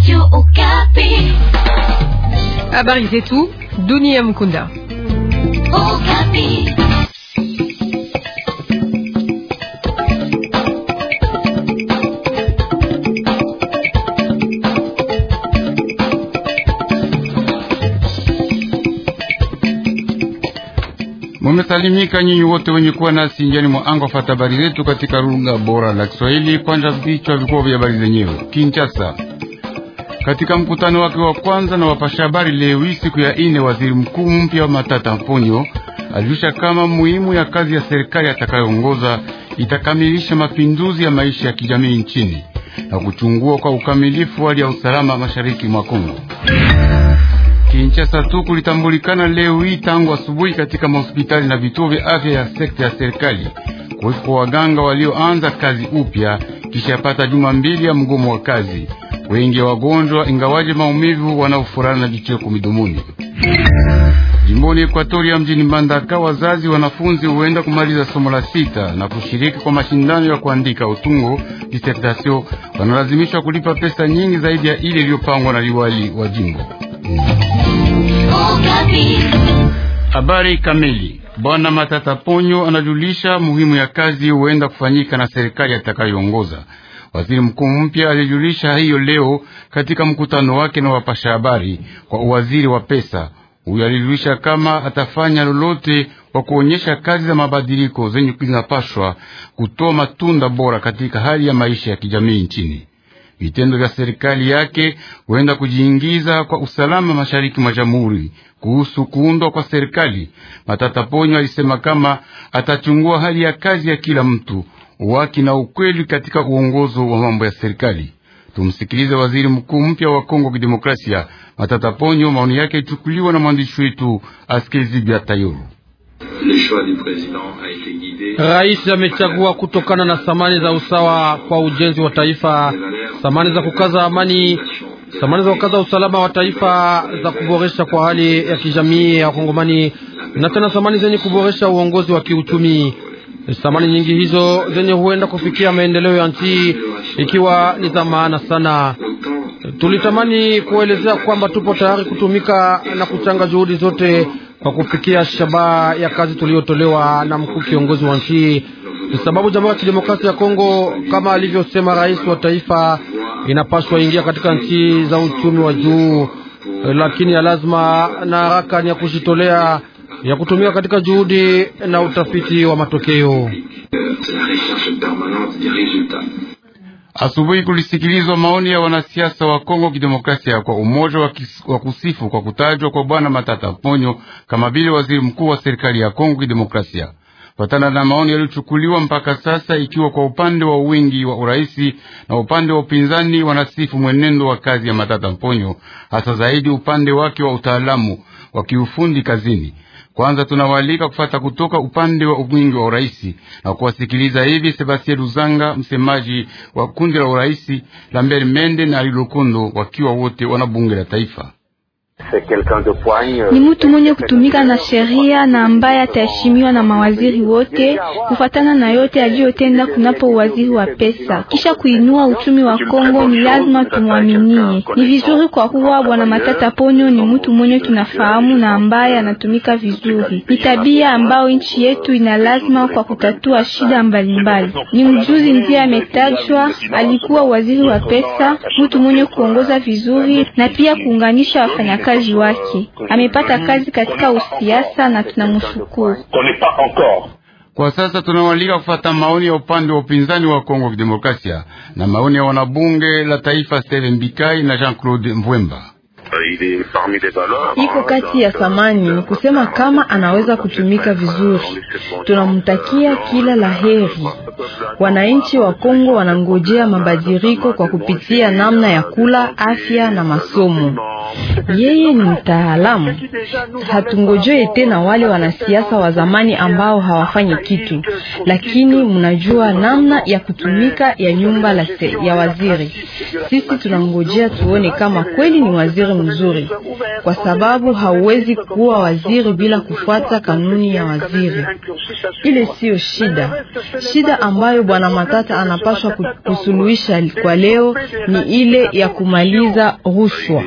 Radio Okapi. Habari zetu Dunia Mkunda. Okapi. Mumesalimika nyinyi wote wenye kuwa nasi njiani mwa anga fata habari zetu katika lugha bora la Kiswahili. Kwanza vichwa vikubwa vya habari zenyewe. Kinshasa katika mkutano wake wa kwanza na wapasha habari leo hii siku ya ine, waziri mkuu mpya wa Matata Mponyo alijusha kama muhimu ya kazi ya serikali atakayoongoza itakamilisha mapinduzi ya maisha ya kijamii nchini na kuchungua kwa ukamilifu hali ya usalama mashariki mwa Kongo. Kinshasa tu kulitambulikana leo hii tangu asubuhi katika mahospitali na vituo vya afya ya sekta ya serikali kuwepo kwa waganga walioanza kazi upya kisha yapata juma mbili ya mgomo wa kazi wengi wagonjwa ingawaje maumivu wanaofurana na vicheko kumidumuni. Jimboni Ekwatoria mjini Mbandaka, wazazi wanafunzi huenda kumaliza somo la sita na kushiriki kwa mashindano ya kuandika utungo disertasio, wanalazimishwa kulipa pesa nyingi zaidi ya ile iliyopangwa na liwali wa jimbo. Habari kamili. Bwana Matata Ponyo anajulisha muhimu ya kazi huenda kufanyika na serikali atakayoongoza. Waziri mkuu mpya alijulisha hiyo leo katika mkutano wake na wapasha habari kwa uwaziri wa pesa. Huyo alijulisha kama atafanya lolote kwa kuonyesha kazi za mabadiliko zenye zinapashwa kutoa matunda bora katika hali ya maisha ya kijamii nchini. Vitendo vya serikali yake huenda kujiingiza kwa usalama mashariki mwa jamhuri. Kuhusu kuundwa kwa serikali, Matata Ponyo alisema kama atachungua hali ya kazi ya kila mtu waki na ukweli katika uongozo wa mambo ya serikali. Tumsikilize waziri mkuu mpya wa Kongo Kidemokrasia, Matata Ponyo. Maoni yake ichukuliwa na mwandishi wetu Askezi Biatayoro. Rais amechagua kutokana na thamani za usawa kwa ujenzi wa taifa, thamani za kukaza amani, thamani za kukaza usalama wa taifa, za kuboresha kwa hali ya kijamii ya Wakongomani na tena thamani zenye kuboresha uongozi wa kiuchumi thamani nyingi hizo zenye huenda kufikia maendeleo ya nchi, ikiwa ni za maana sana. Tulitamani kuelezea kwamba tupo tayari kutumika na kuchanga juhudi zote kwa kufikia shabaha ya kazi tuliyotolewa na mkuu kiongozi wa nchi, sababu Jamhuri ya Kidemokrasia ya Kongo, kama alivyosema rais wa taifa, inapaswa ingia katika nchi za uchumi wa juu, lakini ya lazima na haraka ni ya kujitolea ya kutumika katika juhudi na utafiti wa matokeo. Asubuhi kulisikilizwa maoni ya wanasiasa wa Kongo Kidemokrasia kwa umoja wa, kis, wa kusifu kwa kutajwa kwa Bwana Matata Ponyo kama vile waziri mkuu wa serikali ya Kongo Kidemokrasia fatana na maoni yaliyochukuliwa mpaka sasa, ikiwa kwa upande wa wingi wa uraisi na upande wa upinzani wanasifu mwenendo wa kazi ya Matata Mponyo, hasa zaidi upande wake wa utaalamu wa kiufundi kazini. Kwanza tunawaalika kufata kutoka upande wa umwingi wa uraisi na kuwasikiliza hivi Sebastien Luzanga, msemaji wa kundi la uraisi, Lambert Mende na Ali Lukondo, wakiwa wote wana bunge la taifa ni mtu mwenye kutumika na sheria na ambaye ataheshimiwa na mawaziri wote kufuatana na yote aliyotenda kunapo uwaziri wa pesa. Kisha kuinua uchumi wa Kongo, ni lazima tumwaminie. Ni vizuri kwa kuwa bwana Matata Ponyo ni mtu mwenye tunafahamu na ambaye anatumika vizuri. Ni tabia ambayo nchi yetu ina lazima kwa kutatua shida mbalimbali. Ni mjuzi ndiye ametajwa, alikuwa waziri wa pesa, mtu mwenye kuongoza vizuri na pia kuunganisha wafanyakazi ukazi wake. Amepata kazi katika usiasa na tunamshukuru. Kwa sasa tunawalika kufata maoni ya upande wa upinzani wa Kongo ya Kidemokrasia na maoni ya wanabunge la taifa Steven Bikai na Jean-Claude Mvwemba. Iko kati ya thamani ni kusema kama anaweza kutumika vizuri. Tunamtakia kila la heri. Wananchi wa Kongo wanangojea mabadiliko kwa kupitia namna ya kula, afya na masomo. Yeye ni mtaalamu. Hatungojee tena wale wanasiasa wa zamani ambao hawafanyi kitu, lakini mnajua namna ya kutumika ya nyumba la se, ya waziri. Sisi tunangojea tuone kama kweli ni waziri mzuri, kwa sababu hauwezi kuwa waziri bila kufuata kanuni ya waziri. Ile siyo shida. Shida ambayo bwana Matata anapaswa kusuluhisha kwa leo ni ile ya kumaliza rushwa.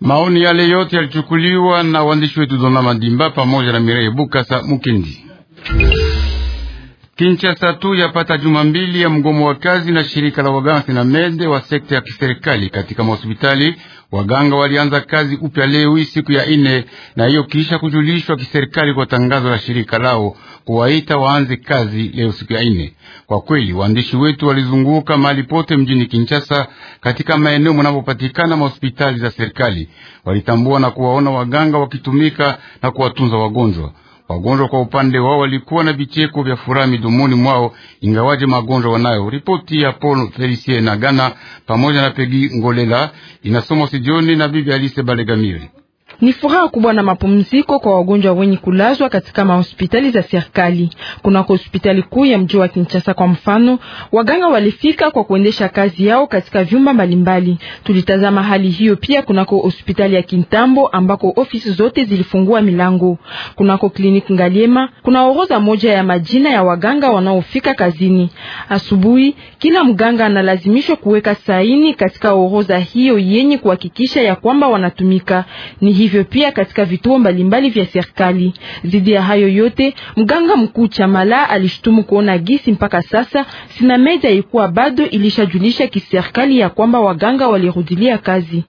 Maoni yale yote yalichukuliwa na waandishi wetu Dona Madimba pamoja na Mireye Bukasa Mukindi. Kinshasa tu yapata juma mbili ya mgomo wa kazi na shirika la wagansi na mende wa sekta ya kiserikali katika mahospitali Waganga walianza kazi upya leo hii siku ya ine, na hiyo kisha kujulishwa kiserikali kwa tangazo la shirika lao kuwaita waanze kazi leo siku ya ine. Kwa kweli waandishi wetu walizunguka mahali pote mjini Kinshasa, katika maeneo mnapopatikana mahospitali za serikali, walitambua na kuwaona waganga wakitumika na kuwatunza wagonjwa. Wagonjwa kwa upande wao walikuwa na vicheko vya furaha midomoni mwao, ingawaje magonjwa wanayo. Ripoti ya Paul Felicien na Gana pamoja na Pegi Ngolela inasomwa sijioni na bibi Alice Balegamire. Ni furaha kubwa na mapumziko kwa wagonjwa wenye kulazwa katika mahospitali za serikali. Kunako hospitali kuu ya mji wa Kinshasa kwa mfano, waganga walifika kwa kuendesha kazi yao katika vyumba mbalimbali. Tulitazama hali hiyo pia kunako hospitali ya Kintambo ambako ofisi zote zilifungua milango. Kunako kliniki Ngaliema kuna orodha moja ya majina ya waganga wanaofika kazini asubuhi. Kila mganga analazimishwa kuweka saini katika orodha hiyo yenye kuhakikisha ya kwamba wanatumika ni hivyo pia katika vituo mbalimbali vya serikali. Dhidi ya hayo yote, mganga mkuu Chamala alishtumu kuona gisi mpaka sasa sinameja ilikuwa bado ilishajulisha kiserikali ya kwamba waganga walirudilia kazi.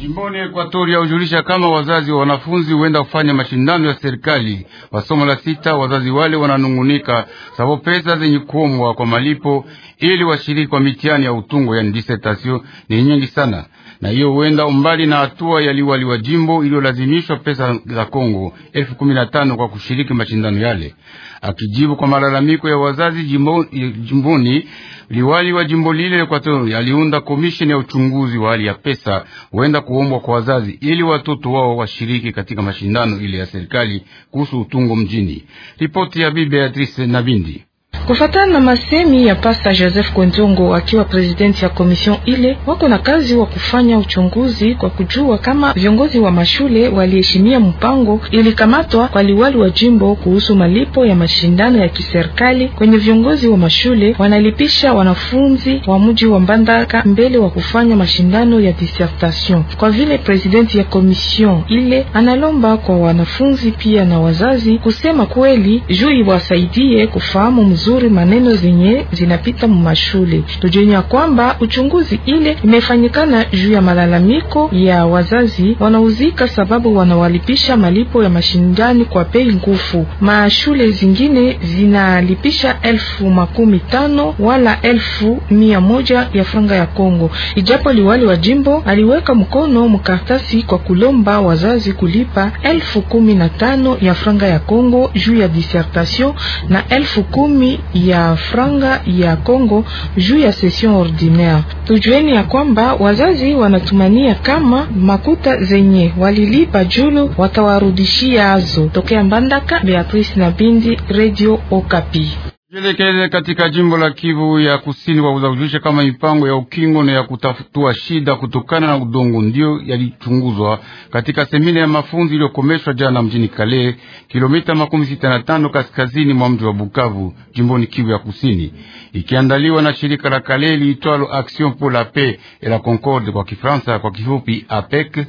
Jimboni Ekuatoria hujulisha kama wazazi wa wanafunzi huenda kufanya mashindano ya serikali wa somo la sita. Wazazi wale wananungunika sababu pesa zenye kuomwa kwa malipo ili washiriki kwa mitihani ya utungo, yani disertation, ni nyingi sana na hiyo huenda umbali na hatua ya liwali wa jimbo iliyolazimishwa pesa za Kongo elfu kumi na tano kwa kushiriki mashindano yale. Akijibu kwa malalamiko ya wazazi jimbo, jimboni, liwali wa jimbo lile Equatori aliunda komisheni ya uchunguzi wa hali ya pesa huenda kuombwa kwa wazazi ili watoto wao washiriki katika mashindano ile ya serikali kuhusu utungo mjini. Ripoti ya Bi Beatrice Nabindi. Kufatana na masemi ya Pasta Joseph Kwenzongo akiwa presidenti ya komision ile, wako na kazi wa kufanya uchunguzi kwa kujua kama viongozi wa mashule waliheshimia mpango ilikamatwa kwa liwali wa jimbo kuhusu malipo ya mashindano ya kiserikali kwenye viongozi wa mashule wanalipisha wanafunzi wa mji wa Mbandaka mbele wa kufanya mashindano ya dissertation. Kwa vile presidenti ya komision ile analomba kwa wanafunzi pia na wazazi kusema kweli juu iwasaidie kufahamu vizuri maneno zenye zinapita mumashule mashule. Tujueni ya kwamba uchunguzi ile imefanyikana juu ya malalamiko ya wazazi wanauzika sababu wanawalipisha malipo ya mashindani kwa bei ngufu. Mashule zingine zinalipisha elfu makumi tano wala elfu mia moja ya franga ya Kongo, ijapo liwali wa jimbo aliweka mkono mkartasi kwa kulomba wazazi kulipa elfu kumi na tano ya franga ya Kongo juu ya disertation na elfu kumi ya franga ya Kongo juu ya session ordinaire. Tujueni ya kwamba wazazi wanatumania kama makuta zenye walilipa julu watawarudishia azo. Tokea Mbandaka, Beatrice na Bindi, Radio Okapi. Jielekeze katika jimbo la Kivu ya Kusini kwa kuzakujulisha kama mipango ya ukingo na ya kutatua shida kutokana na udongo ndio yalichunguzwa katika semina ya mafunzi iliyokomeshwa jana mjini Kale, kilomita makumi sita na tano kaskazini mwa mji wa Bukavu, jimboni Kivu ya Kusini, ikiandaliwa na shirika la Kale liitwalo Action pour la Paix et la Concorde kwa Kifransa, kwa kifupi APEC.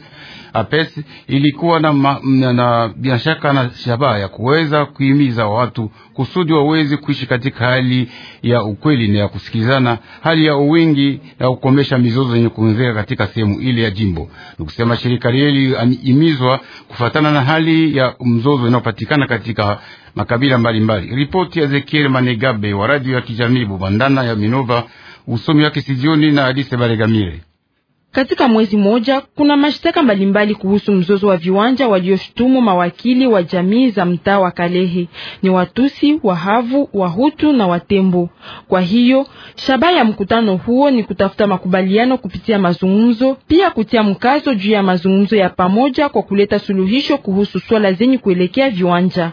APES ilikuwa na, ma, na, na biashaka na shabaha ya kuweza kuhimiza watu kusudi waweze kuishi katika hali ya ukweli na ya kusikilizana, hali ya uwingi na kukomesha mizozo yenye kuongezeka katika sehemu ile ya jimbo. Nikusema shirika lile lilihimizwa kufatana na hali ya mzozo inayopatikana katika makabila mbalimbali mbali. Ripoti ya Ezekiel Manegabe wa radio ya kijamii Bubandana ya Minova, usomi wake sijioni na Adise Baregamire katika mwezi mmoja. Kuna mashtaka mbalimbali kuhusu mzozo wa viwanja walioshutumu mawakili wa jamii za mtaa wa Kalehe ni Watusi, Wahavu, Wahutu na Watembo. Kwa hiyo shabaha ya mkutano huo ni kutafuta makubaliano kupitia mazungumzo, pia kutia mkazo juu ya mazungumzo ya pamoja kwa kuleta suluhisho kuhusu swala zenye kuelekea viwanja.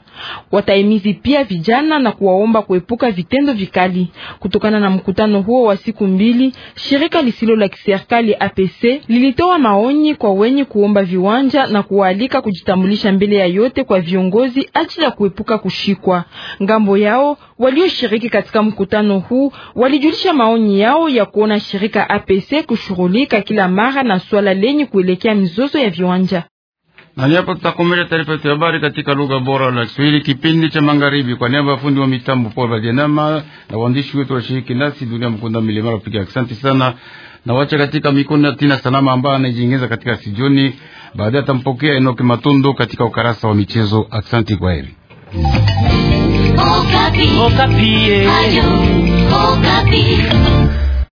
Wataimizi pia vijana na kuwaomba kuepuka vitendo vikali. Kutokana na mkutano huo wa siku mbili, shirika lisilo la kiserikali APC FARDC lilitoa maoni kwa wenye kuomba viwanja na kuwaalika kujitambulisha mbele ya yote kwa viongozi ajili ya kuepuka kushikwa. Ngambo yao walioshiriki katika mkutano huu walijulisha maoni yao ya kuona shirika APC kushughulika kila mara na swala lenye kuelekea mizozo ya viwanja. Na hapo tutakomesha taarifa yetu ya habari katika lugha bora la Kiswahili, kipindi cha magharibi. Kwa niaba ya fundi wa mitambo Paul Bajenama na waandishi wetu washiriki nasi, Dunia Mkunda Milimara, piga asante sana na wacha katika mikono ya Tina Salama ambaye anajiingiza katika sijoni, baadaye atampokea Enoki Matundu katika ukarasa wa michezo. Asante kwa heri. Okapi. Okapi. Eh.